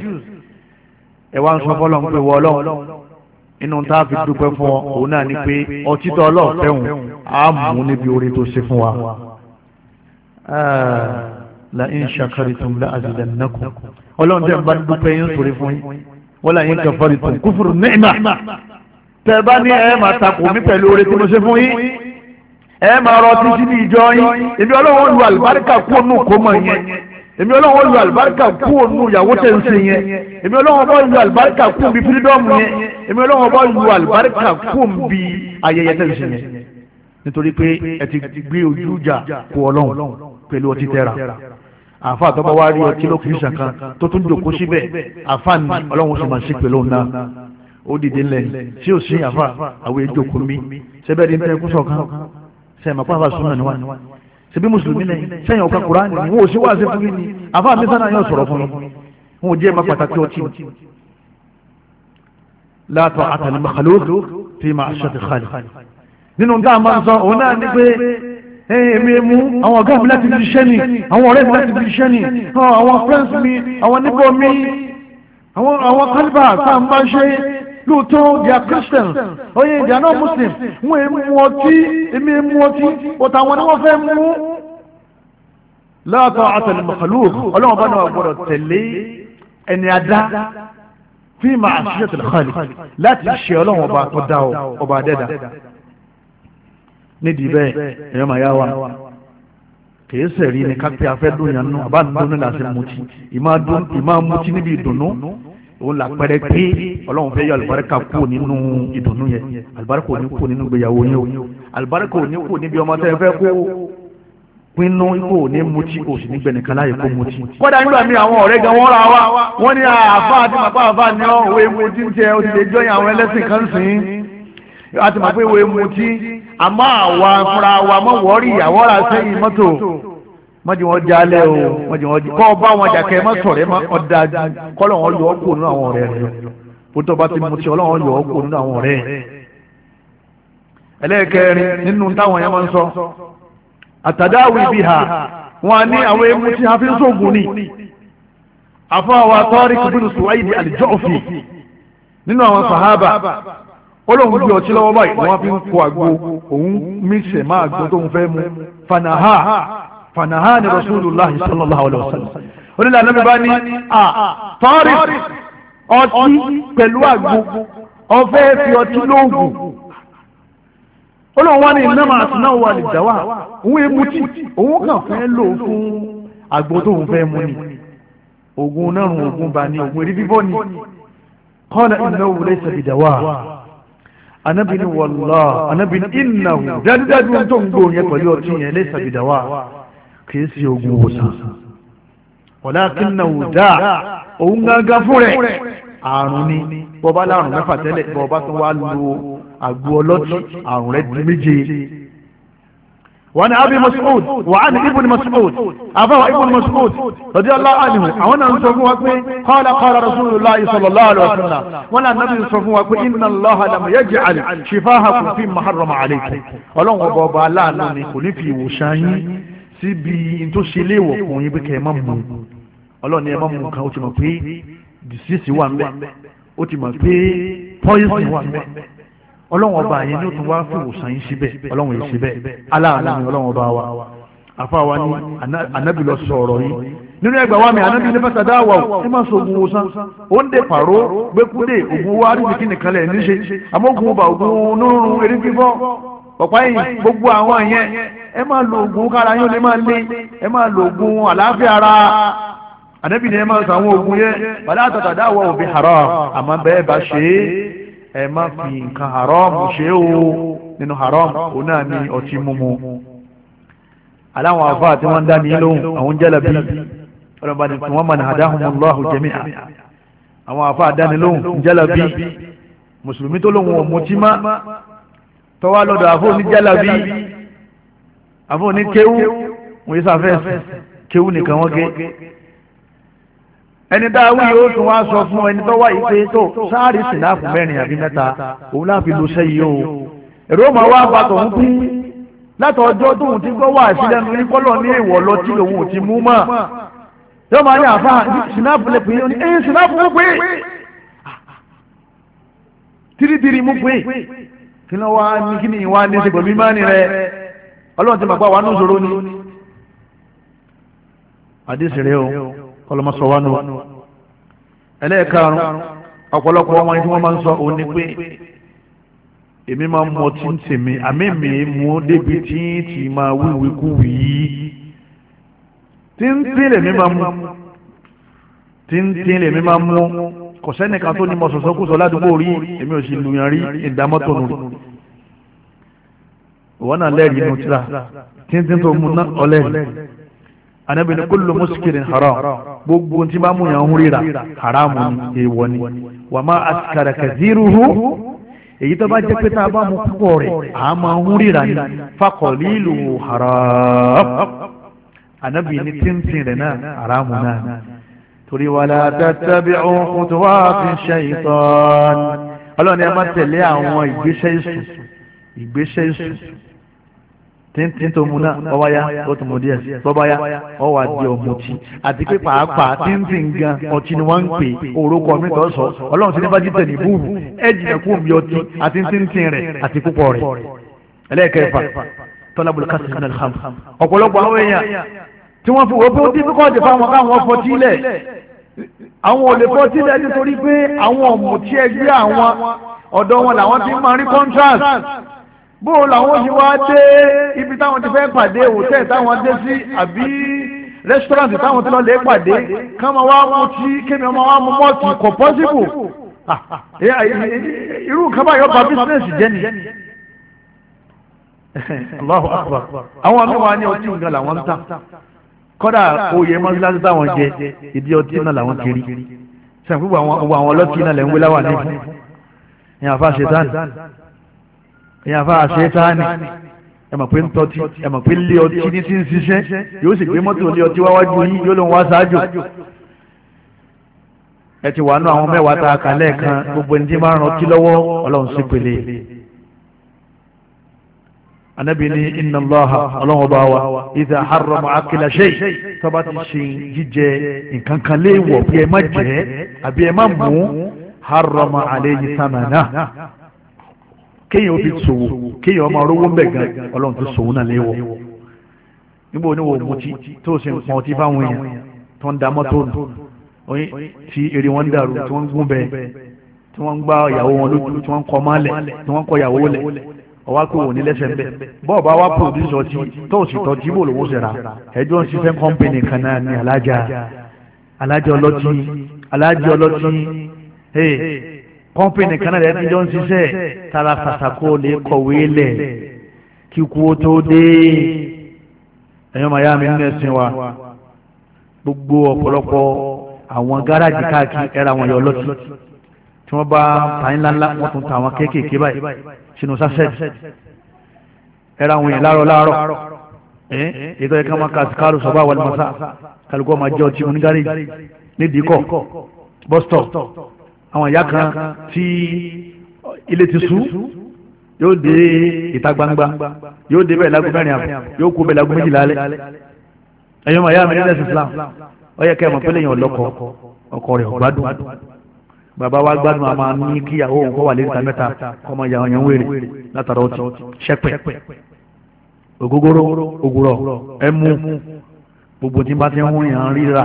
ẹ̀wá ń sọ fọlọ́n pé wọ́ ọlọ́run inú tá a fi dúpẹ́ fún ọ òun náà ni pé ọtí tó á mú níbi orí tó ṣe fún wa. Ah, la in shakaritum la azidannakum ọlọ́run tẹ̀ ń bá dúpẹ́ yín sórí fún yín wala in kafaritum kufuru ni'ma tẹ bá ní ẹ máa takò mí pẹ̀lú oore tí mo ṣe fún yín ẹ máa rọ títí ní ìjọ yín èmi ọlọ́wọ́ lu àlùbáríkà kúrò nù kó mọ̀ yẹn èmi ọlọ́wọ́ lu àlùbáríkà kúrò nù ìyàwó tẹ̀ ń ṣe yẹn èmi ọlọ́wọ́ bá lu àlùbáríkà kúrò bí fírídọ́ọ̀mù yẹn èmi ọlọ́wọ́ bá lu àlùbáríkà kúrò bí ayẹyẹ tẹ̀ ń ṣe yẹn nítorí pé ẹ ti gbé ojú ìjà kó ọlọ́run pẹ̀lú ọtí tẹ́ra àfa àtọ́gbà wa rí ọtí lókùnrin ṣàkan tó tún jòkó síbẹ̀ àfa ni ọlọ́run sì máa ṣe pẹ̀lú náà ó dìde ńlẹ̀ tí ó sí àfà àwọn èjò kò mí sẹ́bẹ̀ rí ńlẹ̀ kó sọ̀kan sẹ́yìn mọ̀pá àfà súnmọ̀ níwá sẹ́bí mùsùlùmí lẹ́yìn sẹ́yìn ọ̀ka kùránì ni wọ́n ò sí wáàsí fún mi ni àfà mi sánà yóò sọ̀rọ̀ fún mi wọn ò jẹ́ ẹ̀ma pàtàkì ọtí látọ̀ àtàlẹ́ mọ̀kàlóòdù fi máa ṣàtì xalẹ̀ nínú tá a máa sọ òun náà ní pé èmi mú àwọn ọ̀gá mi láti fi ṣẹ́ ni àwọn ọ̀rẹ́ mi láti fi ṣẹ́ ni àwọn friends mi àwọn nígbà mi àwọn kálíbà tá a máa ṣe lóòótọ́ they are christians oye they are not muslims wọn èé mu ọtí èmi èé mu ọtí ọ̀tà wọn ni wọ́n fẹ́ mú. láàtọ̀ àtẹlẹ mọ̀kàlù ọlọ́wọ́n bá náà gbọ́dọ̀ tẹ̀lé ẹni adá fi ma ṣiṣẹ́ tẹ̀lé xali láti ṣe ọlọ́wọ́n ọba tó dá ọ ọba adẹ́dá nídìí bẹ́ẹ̀ ẹ̀yọ́ màá yá wa kìí sẹ̀rí ni kápẹ́ afẹ́ dùn yàn nù àbá nínú ní làásì mutí ìmáa mutí níbi ìdùnnú òun là pẹrẹ pé ọlọ́run fẹ́ yọ alibarika kú nínú ìdùnnú yẹn alibarika ò ní kú nínú gbéyàwó yẹn o alibarika ò ní kú níbi ọmọ tẹ́ fẹ́ kó pinnu kò ní mutí kò sì ní gbẹnìkan láyé kó mutí. kódà nígbà míì àwọn ọ̀rẹ́ gan wọ́n ra wa wọ́n ní ah, àfa àti màpá àfa ni ọ́ òwe mutí ń jẹ ó ti lè jọyìn àwọn ẹlẹ́sìn kan sìn àti màpá ìwé mutí àmọ́ àwa fúnra wa mọ̀ wọ́ọ́rì ìyàwó ra sẹ́yìn mọ́tò mọ́jú wọn jalè o mọ́jú wọn jalè kọ́ bá wọn jà kẹ́ mọ́ sọ̀rẹ́ mọ́ ọ̀dà kọ́lọ̀ wọn yọ ọ́ kó nínú àwọn ọ̀rẹ́ rẹ bótó bá ti mutí ọlọ́wọ́n yọ ọ́ kó nínú àwọn ọ̀rẹ́ rẹ. nínú táwọn yẹn máa ń sọ àtàdáwì bíi ha wọn ní àwọn emu tí hafi ń sóògùn ni àfọwọ́ Tariq bin Suwaid al-Ju'fi nínú àwọn sàhábà olóhùn bí ọtí lọ́wọ́ báyìí wọ́n fi ń kó àgbo òun mí fanahani rasulullah sallallahu alayhi wa sallam onílẹ̀ anábì bá ní à tọ́rì ọtí pẹ̀lú àgbo ọfẹ́ fi ọtí lóògùn olóòwò wa ni iná máa tún náà wà lè dáwà òun èmu tí òun kàn fẹ́ lò fún àgbo tóun fẹ́ mu ni oògùn náà oògùn bá ní oògùn èrí fífọ́ ni kọ́lá iná lè ṣe ìdáwà anábì wàllá anábì ìnáwó dájúdájú tó ń gbóòyẹ pẹ̀lú ọtí yẹn lè ṣe ìdáwà kìí sí ogun òwòsàn ọ̀làkínàwò dáa òun gángan fún rẹ̀ àrùn ni bọ́ba láàrùn mẹ́fà tẹ́lẹ̀ bọ́ba tó wá lo àgbo ọlọ́tì àrùn rẹ̀ di méje wọ́n ní abi masoud wà á ní ibùn masoud àbáwá ibùn masoud radiyallahu anhu àwọn náà ń sọ fún wa pé qala qala rasulullah sallallahu alaihi wasallam wọ́n náà nàbí sọ fún wa pé inna allaha lam yaj'al shifahakum fi ma harrama alaykum ọlọ́run ọba ọba aláàánú ni kò ní fi ìwòsàn yín síbi tó ṣe léèwọ̀ fún yín pé kẹ́ ẹ má mú ọlọ́run ni ẹ má mú nǹkan ó ti mọ̀ pé disease wà ńbẹ̀ ó ti mọ̀ pé poison wà ńbẹ̀ ọlọ́run ọba yẹn ni ó tún wá fún ìwòsàn yín síbẹ̀ ọlọ́run yìí síbẹ̀ aláàánú ni ọlọ́run ọba wa àfa wa ni anabi lọ sọ ọ̀rọ̀ yìí nínú ẹgbàá wa mi anabi ní fẹsẹ̀ dáwà o ẹ máa sọ oògùn wòsàn ó ń dè pàró gbẹkúndé oògùn wa arúgbó kí nìkan lẹ̀ ní ṣe àmọ́ oògùn erékìfọ́ pọ̀pá yìí gbogbo àwọn yẹn ẹ máa lo oògùn kára yín ó lè máa lé ẹ máa lo oògùn àlàáfíà ara ànábì ni ẹ máa sọ àwọn oògùn yẹn bàdá àtàtà dáwọ òbí haram àmọ́ bẹ́ẹ̀ bá ṣe é ẹ má fi nǹkan haram ṣe o nínú haram òun náà ni ọtí mímu aláwọn afa tí wọ́n ń dá ní lóhùn àwọn jẹlẹbi ọlọmọba ni tí wọ́n mọ nàdá humnullahu jami'a àwọn afa dánilóhùn jẹlẹbi mùsùlùmí tó lóhùn ọmọ tí má tọ́wá lọ́dọ̀ àfọ́ oníjàlábí àfọ́ oníkéwú wọ́n yé sáfẹ́sì kéwú nìkan wọ́n gé ẹni tá a wí yóò tún wá sọ fún ẹni tó wá ìpè tó sáàrì sìnáàfù mẹ́rin àbí mẹ́ta òun láàfin ló sẹ́yìí o èrò ọmọ wa bá tọ̀hún pín látọ̀ ọjọ́ tóun ti gbọ́ wá sílẹ̀ ní kọ́lọ̀ ní ìwọ̀ lọ tí òun ò ti mú mọ́ yóò máa ní àfa sinapu lè pè é ní sinapu mú pé tìrìtìrì mú pé kí ló wá ní kí ni ìwà ní ṣègbè mímọ́ ni rẹ ọlọ́run ti mọ̀ pé wàánú ìṣòro ni àdìsí o kọlọmọsọ wa nù ẹlẹ́ẹ̀karùn ọ̀pọ̀lọpọ̀ ọmọ yìí tí wọ́n máa ń sọ òun ni pé èmi máa ń mọ tí ń tèmi àmì mi mú débi tí ń ti máa wíwí kú wíì tí ń tí lèmi máa mú tí ń tí lèmi máa mú kò sẹ́nìkan tó ní mọ sọ̀sọ́kùsọ ládùúgbò rí èmi ò sì lùyàn rí ìdámọ́tò nù rí ìwọ náà lẹ́rìí inú tíra tíntín tó mú náà ọlẹ́rìí Ànábì ní kullu muskirin haram gbogbo tí bá mú yàn ń ríra haramu ni èèwọ̀ ni wà má askara kathiruhu èyí tó bá jẹ́ pé tá a bá mú púpọ̀ rẹ̀ à máa ń ríra ni faqaliluhu haram Ànábì tíntín rẹ̀ náà haramu náà torí wala tattabi'u khutuwati shaytan ọlọ́ni ẹ má tẹ̀lé àwọn ìgbésẹ̀ ìsù ìgbésẹ̀ ìsù tí tó mu náà ọba ya ó tún mu díẹ̀ bọ́ba ya ọ wà di ọ̀mùtí àti pé pàápàá tí ń fi nǹkan ọtí ni wọ́n ń pè orúkọ mi tó sọ ọlọ́run ti ní bá jíjẹ ní búùbù ẹ jìnà kú omi ọtí àti ti ń tin rẹ̀ àti púpọ̀ rẹ̀ ẹlẹ́ẹ̀kẹfà tọ́lábùlù kásìkánà lẹ́hàm tí wọ́n fi wọ́n pé ó dífíkọ́ọ̀tì fáwọn káwọn fọtí lẹ̀ àwọn ò lè fọtí lẹ̀ nítorí pé àwọn ọ̀mùtí ẹgbẹ́ àwọn ọ̀dọ́ wọn làwọn ti máa rí contrast bóò làwọn ti wá dé ibi táwọn ti fẹ́ pàdé hòtẹ́ẹ̀ táwọn dé sí àbí restaurant táwọn ti lọ lè pàdé ká máa wá mú tí kémi ọmọ wa mú mọ́ọ̀tì kò possible ah, ah, eh, eh, eh, irú nǹkan báyọ̀ bá business jẹ́ ni. Allahu akbar àwọn àmì wa ni ọtí nǹkan làwọn ń tà kọ́dà oyè mọ́síláṣí táwọn jẹ ìdí ọtí náà làwọn kiri sẹ́yìn púpọ̀ àwọn ọlọ́tí náà lẹ́ ń wé láwà níbi ìyàn àfa ṣetánì ìyàn àfa ṣetánì ẹ mọ̀ pé ń tọ́tí ẹ mọ̀ pé lé ọtí ní ti ń ṣiṣẹ́ yóò sì gbé mọ́tò lé ọtí wáwájú yín yóò ló ń wá ṣáájú ẹ ti wà nú àwọn mẹ́wàá tá a kà lẹ́ẹ̀kan gbogbo ẹni tí máa ń rántí lọ́wọ́ ọlọ́run sí pèlè anabi ni inna allaha ọlọ́run bá wa idha harrama akila shay tọ́ba ti ṣe jíjẹ nǹkan kan lè wọ̀ bí ẹ má jẹ́ àbí ẹ má mú harrama alayhi samana kéèyàn ó fi ṣòwò kéèyàn ọmọ rówó ń gan ọlọ́run ti ṣòwò náà lè wọ̀ níbo ni wò mutí tó o sì ń ọtí fáwọn èèyàn tó ń da mọ́tò nù oyin tí eré wọn dàrú tí wọ́n gún bẹ́ẹ̀ tí wọ́n gbá ìyàwó wọn lójú tí wọ́n ń kọ́ mọ́lẹ̀ tí wọ́n ń ìyàwó lẹ̀ ọwá pé òun ní lẹ́sẹ̀ ń bẹ̀ bọ́ọ̀bá wa pòdúsì ọtí tó sì tọ́ jíbò lówó sẹ̀ra ẹjọ́ ń ṣiṣẹ́ kọ́ńpìnì kan náà ní alájà alájà ọlọ́tí alájà ọlọ́tí kọ́ńpìnì kan náà lẹ́yìn tó ń ṣiṣẹ́ tara fàṣàkó lè kọ̀wé lẹ̀ kíkú ó tó dé ẹ̀yọ́ màá yá mi nínú ẹ̀sìn wa gbogbo ọ̀pọ̀lọpọ̀ àwọn gáràjì káàkiri ẹ̀rọ àwọn ẹ̀yọ́ ọlọ́tí tí wọ́n bá tàyín ńláńlá wọ́n tún ta àwọn kéékèèké báyìí sínú sásẹ́ẹ̀dì ẹ̀rọ àwọn èèyàn láàárọ̀ láàárọ̀ ètò ẹ̀ka máa ka sikaru sọ̀bá wà lọ́mọ́sá kálukọ́ máa jẹ́ ọtí onígárí nídìí kọ́ bọ́stọ̀ àwọn ìyá kan tí ilé ti sú yóò dé ìta gbangba yóò dé bẹ́ẹ̀ lágùn mẹ́rin àbọ̀ yóò kú bẹ́ẹ̀ lágùn méjìlá alẹ́ ẹ̀yọ́ màá yá mi nílẹ̀ sí Islam ó yẹ kẹ́ ẹ̀ mọ̀ pẹ́lẹ́ ọ̀lọ́kọ̀ ọkọ̀ rẹ̀ ọ̀gbádùn bàbá wa gbádùn àmà ní kíyàwó òun kọ́ wà lẹ́sà mẹ́ta kọ́mọ ìyàwó yẹn wèrè látara ọtí ṣẹ́pẹ̀ ògógóró ògùrọ̀ ẹmu gbogbo tí bá ti ń hún yàn ríra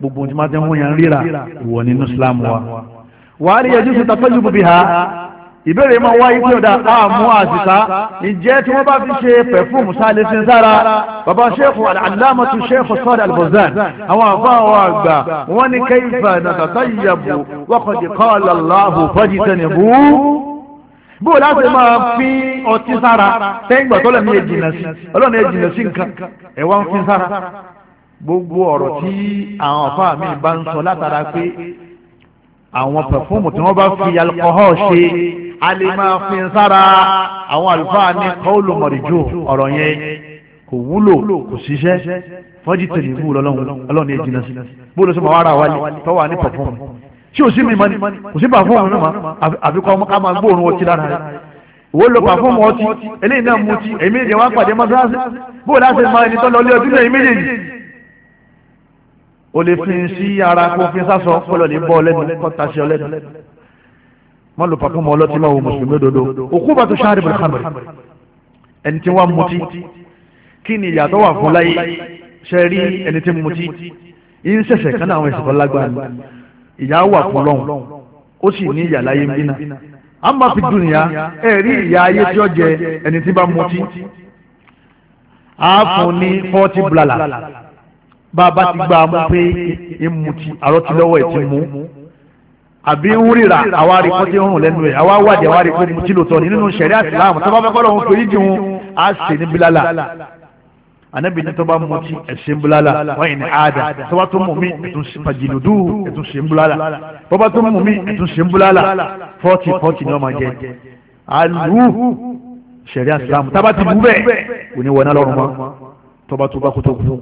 gbogbo tí bá ti ń hún yàn ríra ìwọ nínú Islam wa. wàá rí ẹjú sí tafẹ́jú bíbí ha ìbéèrè máa wáyé tí ó da àmú àzìká ìjẹ́ tí wọ́n bá fi ṣe pẹ̀fúmù sáàlẹ̀ sí sára bàbá ṣẹ́fù aláàmọ́tú ṣẹ́fù sọ́dà albozan àwọn àfáàwọ̀ àgbà wọ́n ní kẹ́yìfà nàtàtà ìyàbò wọ́kọ̀dì kọ́ọ̀lọ́láhù fọ́jìtẹ̀nìbú bó láti máa fi ọtí sára tẹ́yìngbà tọ́lọ̀ ní èjìnà sí ọlọ́run èjìnà sí nǹkan ẹ̀wà ń fi sára gbogbo ọ̀rọ̀ tí àwọn ọ̀fà mi bá ń sọ látara pé àwọn pẹ̀fúmù tí wọ́n bá fi alcohol ṣe a lè máa fi sára àwọn àlùfáà ní kọ́ọ̀lù mọ̀rìjú ọ̀rọ̀ yẹn kò wúlò kò ṣiṣẹ́ fọ́jì tẹ̀lé wúlò ọlọ́run ní ìjìnà sí bó ló sọ máa wára wálé tọ́wọ́ ní pọ̀fọ́ọ̀mù tí ò sí mi mọ́ni kò sí pàfọ́ọ̀mù náà àfikọ́ ká máa gbóòórùn ọtí lára rẹ̀ wo lo pàfọ́ọ̀mù ọtí eléyìí náà mutí èmi èdè wá pàdé mọ́sáàsì bó láti máa ẹni tọ́lọ ilé ọdún lẹ́yìn méjèèjì o lè fi sí ara kó fi sásọ kó lọ lè bọ́ ọlẹ́nu kọ́ta sí ọlẹ́nu má lo pàfọ́ọ̀mù ọlọ́tí máa wo mùsùlùmí òdodo òkú bàtú sáré bẹ̀rẹ̀ kàmẹ́rẹ́ ẹni tí wọ́n mutí kí ni ìyàtọ̀ wà fún láyé ṣe rí ẹni tí mutí yín ṣẹ̀ṣẹ̀ kan náà àwọn ẹ̀sìn kan lágbára ìyá wà fún lọ́hùn ó sì ní ìyà láyé fi dùnìyà ẹ rí ìyà ayé tí ó jẹ ẹni tí bá mutí á fún ní fọ́ọ̀tì blala bá a bá ti gbà á mú pé ìmutí àrọ́tí lọ́wọ́ ẹ̀ ti mú àbí ń ríra àwa rí kó tí ń rùn lẹ́nu ẹ̀ àwa wádìí àwa rí kó mu tí lóòótọ́ nínú sẹ̀rí àsìláàmù tó bá fẹ́ kọ́ lọ́hún torí dìhun á sì ní bílálà anabi ní tó bá mutí ẹ̀sìn bulala wọ́n yìí ní àádá tó bá tó mú mi ẹ̀tún fàjìlódù ẹ̀tún sìn bulala tó bá tó mú mi ẹ̀tún sìn bulala fọ́ọ̀tì fọ́ọ̀tì ni wọ́n máa jẹ alu sẹ̀rí àsìláàmù tá a bá ti bú bẹ́ẹ̀ kò ní wọ náà lọ́rùn mọ́ tó bá tó bá kó kú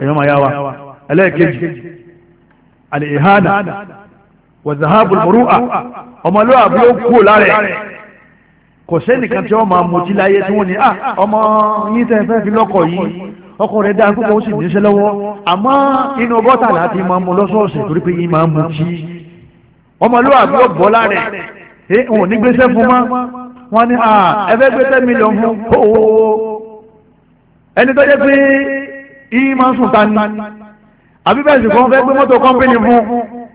ẹ̀yọ́mọ̀ ya wa ẹlẹ́ẹ̀kejì alìhánà wàzàhábùlmùrúà ọmọlúwàbí ó kú lára ẹ̀ kò sẹ́nìkan tí wọ́n máa mutí láyé tí wọ́n ní à ah, ọmọ yín tẹ́ fẹ́ fi lọ́kọ̀ yìí ọkọ rẹ̀ dáa púpọ̀ ó sì níṣẹ́ lọ́wọ́ àmọ́ inú bọ́tà láti máa mu lọ́sọ̀ọ̀sẹ̀ torí pé yín máa mutí ọmọlúwàbí ó bọ́ lára ẹ̀ ẹ̀ ní gbèsè fún mọ́ wọ́n ní à ah, ẹ fẹ́ gbé mílíọ̀nù fún ẹni tó yẹ pé yìí máa ń sùn ta ni àbí bẹ́ẹ̀ sì fọ́n fẹ́ gbé mọ́tò kọ́mpínì fún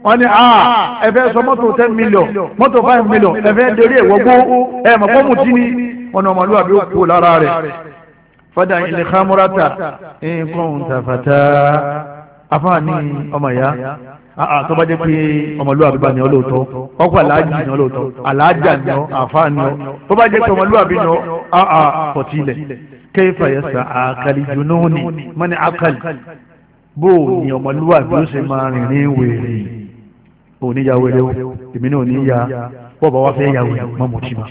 wọn ni a ah, ẹ fẹ́ sọ mọ́tò ten million mọ́tò five million ẹ fẹ́ dorí ẹ̀wọ́ gbó ẹ mọ̀ fọ́ọ̀mù tí ni ọ̀nà ọmọlúwàbí ó kú lára rẹ̀ fada ilẹ̀ hamurata nǹkan òǹtàfàtà afáàní ọmọ ìyá Ah, ah, tó bá jẹ́ pé ọmọlúwàbí bá ní ọ lóòótọ́ ọkọ̀ aláàjì ní ọ lóòótọ́ aláàjà ní ọ àfáà ní ọ tó bá jẹ́ pé ọmọlúwàbí ní ọ àà ah, pọ̀tí ilẹ̀ kẹfà yẹ sà àkàlì jùnúùnì mọ́ni àkàlì bó o ní ọmọlúwàbí ó sì máa rìn ní wèrè òní ya o èmi náà ní ya bọ́ọ̀bá wa fẹ́ ya wèrè mọ́ mọ́tì mọ́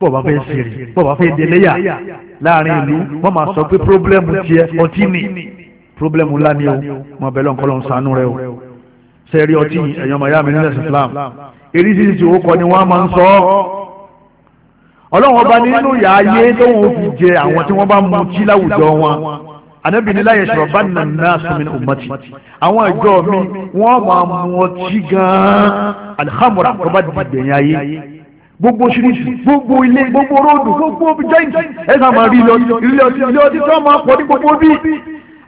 bọ́ọ̀bá fẹ́ sèrè bọ́ọ̀bá fẹ́ dẹlẹ́yà láàrin ìlú wọ́n máa sọ pé pírọ́blẹ́mù pírọ́blẹ́mù ńlá ni o mọ bẹ́ẹ̀ lọ́nkọ́ lọ́n sànú rẹ o sẹ́ẹ̀rí ọtí ẹ̀yàn ọmọ ìyá mi nílẹ̀ Islam èrí sì o òkọ ni wọ́n máa ń sọ ọlọ́run ọba nínú ìyá ayé tóun fi jẹ àwọn tí wọ́n bá mu tí láwùjọ wọn ànábì nílá yẹn sọ̀rọ̀ bá nàná sọmi ummati àwọn ìjọ mi wọ́n máa mu ọtí gan-an alhamura tó bá di gbẹ̀yìn ayé gbogbo ṣíríṣì gbogbo ilé gbogbo róòdù gbogbo jẹ́ǹtì ẹ̀ka máa rí ilé ọtí ilé ọtí tó máa pọ̀ ní gbogbo bíi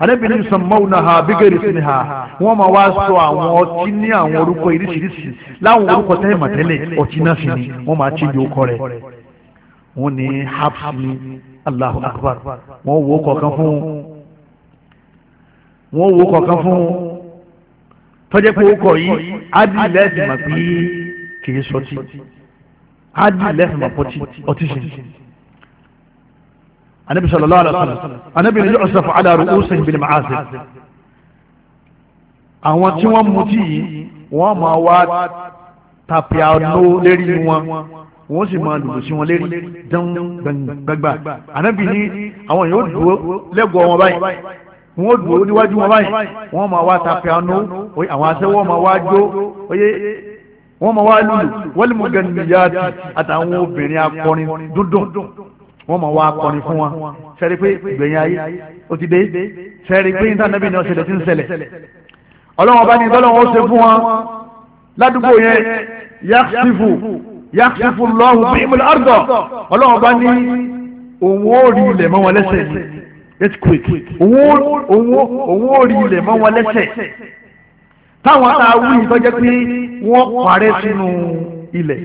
arábìnrin sọmọ́ọ̀nà ha bígẹ̀rì sí ha wọ́n máa wá sọ àwọn ọtí ní àwọn orúkọ irísirísi láwọn orúkọ tẹ́lẹ̀ mọ̀tẹ́lẹ̀ ọtí náà sì ni wọ́n máa ti yòókọ rẹ̀ wọ́n ní hapsi ní Allahu Akbar wọ́n wò kọ̀ọ̀kan fún wọ́n wò kọ̀ọ̀kan fún tọ́jẹ́ pé ó kọ̀ yìí adìlẹ̀ ẹ̀sìn mà pé kì í sọtí adìlẹ̀ ẹ̀sìn mà pọ̀tí ọtí sì ni anabi sallallahu alaihi wasallam anabi ni yusufu ala ru'usihim bil ma'asir àwọn tí wọ́n mutí yìí wọ́n máa wá tapiano lérí wọn wọ́n sì máa dùdù sí wọn lérí dán gbàgbà anabi ni àwọn yóò dúró lẹ́gbọ̀ọ́ wọn báyìí wọ́n dúró níwájú wọn báyìí wọ́n máa wá tapiano àwọn aṣẹ́wọ́ máa wá jó oyè wọ́n máa wá lùlù wal muganiyati àtàwọn obìnrin akọrin dúndùn wọ́n mọ̀ wá kọrin fún wọn sẹ́rí pé ìgbẹ̀yìn ayé ó ti dé sẹ́rí pé ìtànàbí ni ọ̀sẹ̀lẹ̀ ti ń ṣẹlẹ̀ ọlọ́wọ́n bá ní ìtọ́lọ́wọ́n ó ṣe fún wọn ládùúgbò yẹn yaxifu yaxifu lọ́hùn bí ìmúlẹ̀ ọlọ́wọ́n bá ní òun ó rí ilẹ̀ mọ́ wọn lẹ́sẹ̀ ni let's quick òun ó rí ilẹ̀ mọ́ wọn lẹ́sẹ̀ táwọn tá a wí pé wọ́n parẹ́ sínú ilẹ̀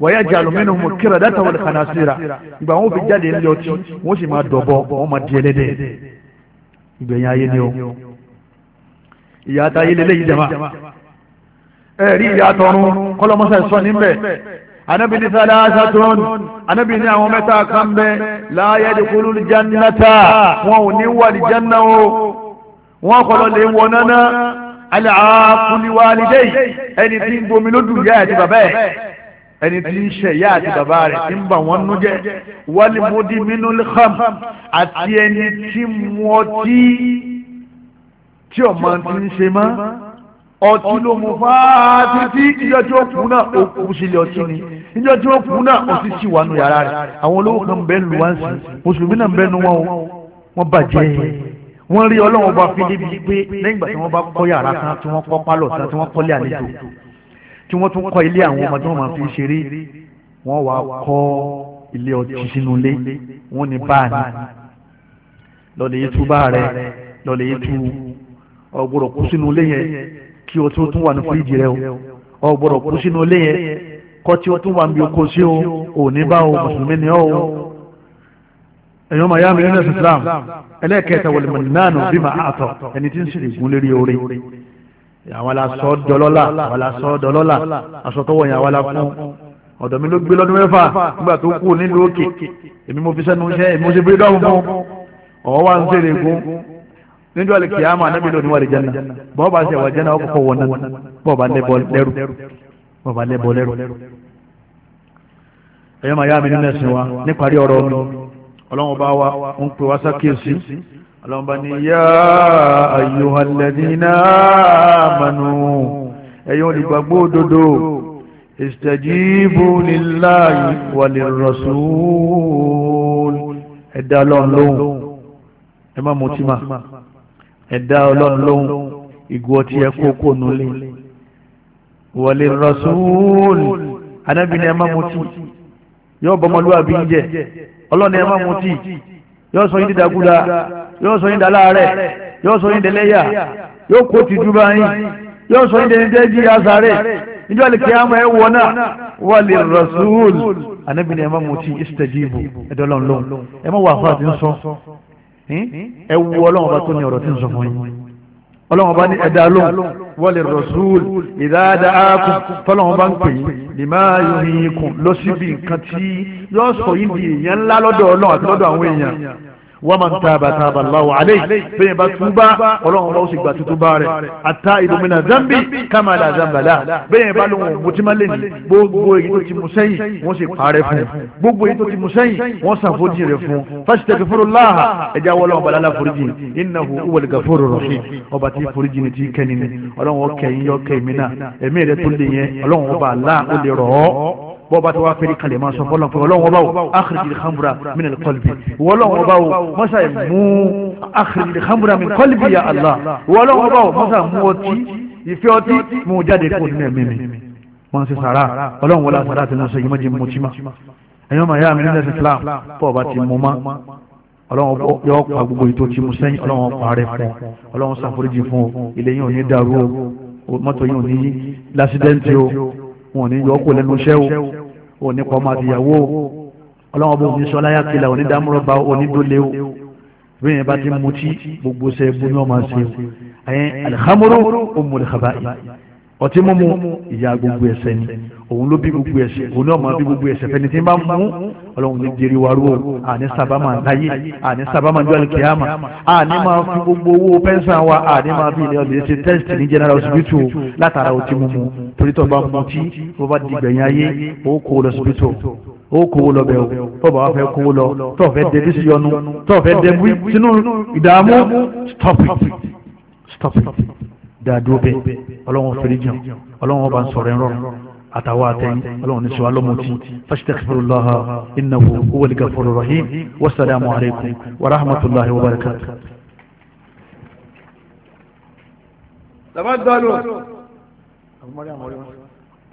wàyà jàlù mínú mu kíra dáta wọlé kana síra ìgbà wọn fi jáde ní ọtí wọn sì máa dọ̀bọ wọn máa di ẹlẹ́dẹ̀ ìgbẹ̀yìn ayé ni o ìyá ata ayé lélẹ́yìí jama ẹ rí ìyá tọrun kọlọmọsẹ sọ níbẹ̀ anabi ní sàlàsà tún anabi ní àwọn mẹ́ta kan bẹ láàyè dìkúlù jannata wọn ò ní wà ní janna o wọn kọlọ lè wọ nánà aláàfúniwálidéyì ẹni tí ń bomi lódù ìyá àti bàbá ẹ̀ ẹni tí ń ṣe ìyá àti bàbá rẹ̀ tí ń bà wọ́n nú jẹ́ wálé mọ́dí mínú lẹ́kàm àti ẹni tí mu ọtí tí ọmọ ti ń ṣe mọ́ ọtí ló mu fáá títí ìjọ tí ó kú náà ó kú sílẹ̀ ọtí ni ìjọ tí ó kú náà ó sì ṣì wà yàrá rẹ̀ àwọn olówó kan bẹ́ẹ̀ lù wá sí mùsùlùmí náà bẹ́ẹ̀ nu wọn o wọ́n bàjẹ́ yẹn wọ́n rí ọlọ́run bá fi débi pé lẹ́yìn ìgbà tí wọ́n bá kọ́ yàrá kan tí wọ́n kọ́ pálọ̀ tán tí wọ́n kọ́lé àlejò tí wọ́n tún kọ́ ilé àwọn ọmọ tí wọ́n máa fi ṣeré wọ́n wá kọ́ ilé ọtí sínú ilé wọ́n ní báàní lọ́lẹ̀ yìí tú bá rẹ̀ lọ́lẹ̀ yìí tú ọgbọ́dọ̀ kú sínú ilé yẹn kí o tó tún wà ní fíríjì rẹ o ọgbọ́dọ̀ kú sínú ilé yẹn kọ́ tí o tún wà ní ẹ̀yọ́n máa yá mi nínú islam ẹlẹ́ẹ̀kẹta wọlé mọ̀ nánú bí máa àtọ̀ ẹni tí ń ṣe ìgún lérí orí àwọn aláṣọ dọlọ́lá àwọn aláṣọ dọlọ́lá aṣọ tọwọ́ yẹn àwọn aláfún ọ̀dọ̀ mi ló gbé lọ́dún mẹ́fà nígbà tó kù nílùú òkè èmi mo fi sẹ́nu iṣẹ́ èmi mo ṣe bí dọ́hùn fún ọ̀wọ́ wa ń ṣeré gún níjọ́ àlè kìámà anábì ló wà lè jẹ́nà náà bọ́ọ̀ bá lẹ́bọ̀ ọlọ́run bá wa ń pè wá sákèsí ọlọ́run bá ní yá ayyuhal ladina amanu ẹ̀yin olùgbàgbọ́ òdodo istajibu lillahi walir rasul ẹ̀dá ọlọ́run lóhùn ẹ má mutí ma ẹ̀dá ọlọ́run lóhùn ìgò ọtí ẹ kó kó nulẹ̀ walir rasul anábìnrin ẹ má mutí yóò bọ́mọlúwàbí jẹ́ ọlọ́ni ẹ má mutí yóò sọ yín dídàgúdà yóò sọ yín dàláàrẹ̀ yóò sọ yín dẹlẹ́yà yóò kó ti dúró yín yóò sọ yín dẹ́jẹ́ jí azàrẹ̀ níjọ́ àlèkè àmọ́ ẹ wọ náà wà lè rasul anabi ni ẹ má mutí istajibu ẹ̀dọ́ lọ́nlọ́n ẹ má wà fún àti ń sọ ẹ wú ọlọ́run bá tó ní ọ̀rọ̀ tí ń sọ fún yín ọlọ́run bá ní ẹ̀dá lóhùn wọlé rasul ìdáadá ákùn tọ́lọ́run bá ń pè yín lèmá yòóyìn kùn lọ síbi nǹkan tí yóò sọ yín di èèyàn ńlá lọ́dọ̀ ọlọ́run àti lọ́dọ̀ àwọn èèyàn wọ́n máa ń taaba taaba Allahu alayhi bẹ́ẹ̀ bá túbá ọlọ́run lọ́wọ́ sì gba túbá rẹ̀ ata ìdòmínà zambi kama la zambala bẹ́ẹ̀ bá lóun mutimalẹ̀ ní gbogbo èyí tó ti mú sẹ́yìn wọ́n sì parẹ́ fún gbogbo èyí tó ti mú sẹ́yìn wọ́n sàfojì rẹ̀ fún fastaghfirullah ẹja wọlé wọn balala foríjì innahu huwal ghafurur rahim ọba tí foríjì ni ti kẹ́ni ni ọlọ́run ọkẹ́yìn bọ́ba tó wá fẹ́rí kalẹ̀ máa sọ fọlọ́n pé ọlọ́run ọba o akhrijil khamra min alqalbi wọlọ́run ọba o mọ́sá mú akhrijil khamra min qalbi ya Allah wọlọ́run ọba o mọ́sá mú ọtí ìfẹ́ ọtí mú jáde kó nínú ẹ̀mí mi wọ́n ti sàrà ọlọ́run wọlá sàrà ti lọ́sọ yìí mọ́jì mọ́tí ma ẹ̀yọ́ màá yá mi nílẹ̀ sí Islam bọ́ọ̀ba ti mú ma ọlọ́run yọ pa gbogbo ètò tí mo sẹ́yìn ọlọ́run pa fún ọlọ́run ṣàforíjì fún ilé yìí ò ní dàrú o mọ́tò yìí ò ní lásídẹ́ǹtì o wọn ò ní yọ ọ́ kó lẹ́nu iṣẹ́ o òní pọ́mọ àtìyàwó ọlọ́wọ́n bó ní sọlá yá kìlà òní dámúrọ̀ bá onídólé o bí yẹn bá ti mutí gbogbo ṣe é búnú ọmọ ṣe o ẹ̀yìn alihamuru omuli kaba ọtí mímu ìyá gbogbo ẹ̀ṣẹ̀ ni òun ló bí gbogbo ẹsẹ̀ òun náà máa bí gbogbo ẹsẹ̀ fẹ́ni tí ń bá mú ọlọ́run ní jèrè wa rúwò àní sábà máa ń táyé àní sábà máa ń jọ́lẹ̀ kìámà àní máa fi gbogbo owó pẹ́ńsàn wa àní máa bí ilẹ̀ ọ̀lẹ́ ṣe tẹ́sítì ní general hospital látara ọtí mímu torí tó bá mu tí ó bá di gbẹ̀yìn ayé ó kó lọ hospital ó kówó lọ bẹ́ẹ̀ o tó bá wà fẹ́ kówó lọ tó fẹ́ dẹbí sí ọnu tó fẹ́ dẹbí sínú ìdààmú stop it stop it dáadúró bẹ́ẹ̀ ọlọ́run fèrè jàn ọlọ́run ọba ń sọ̀rọ̀ ẹ̀ rọrùn àtàwọn àtẹyìn ọlọ́run ní sọ́wọ́ lọ́mọtì fastaghfirullaha innahu huwal ghafurur rahim wasalaamu alaykum wa rahmatulahi wa barakatu.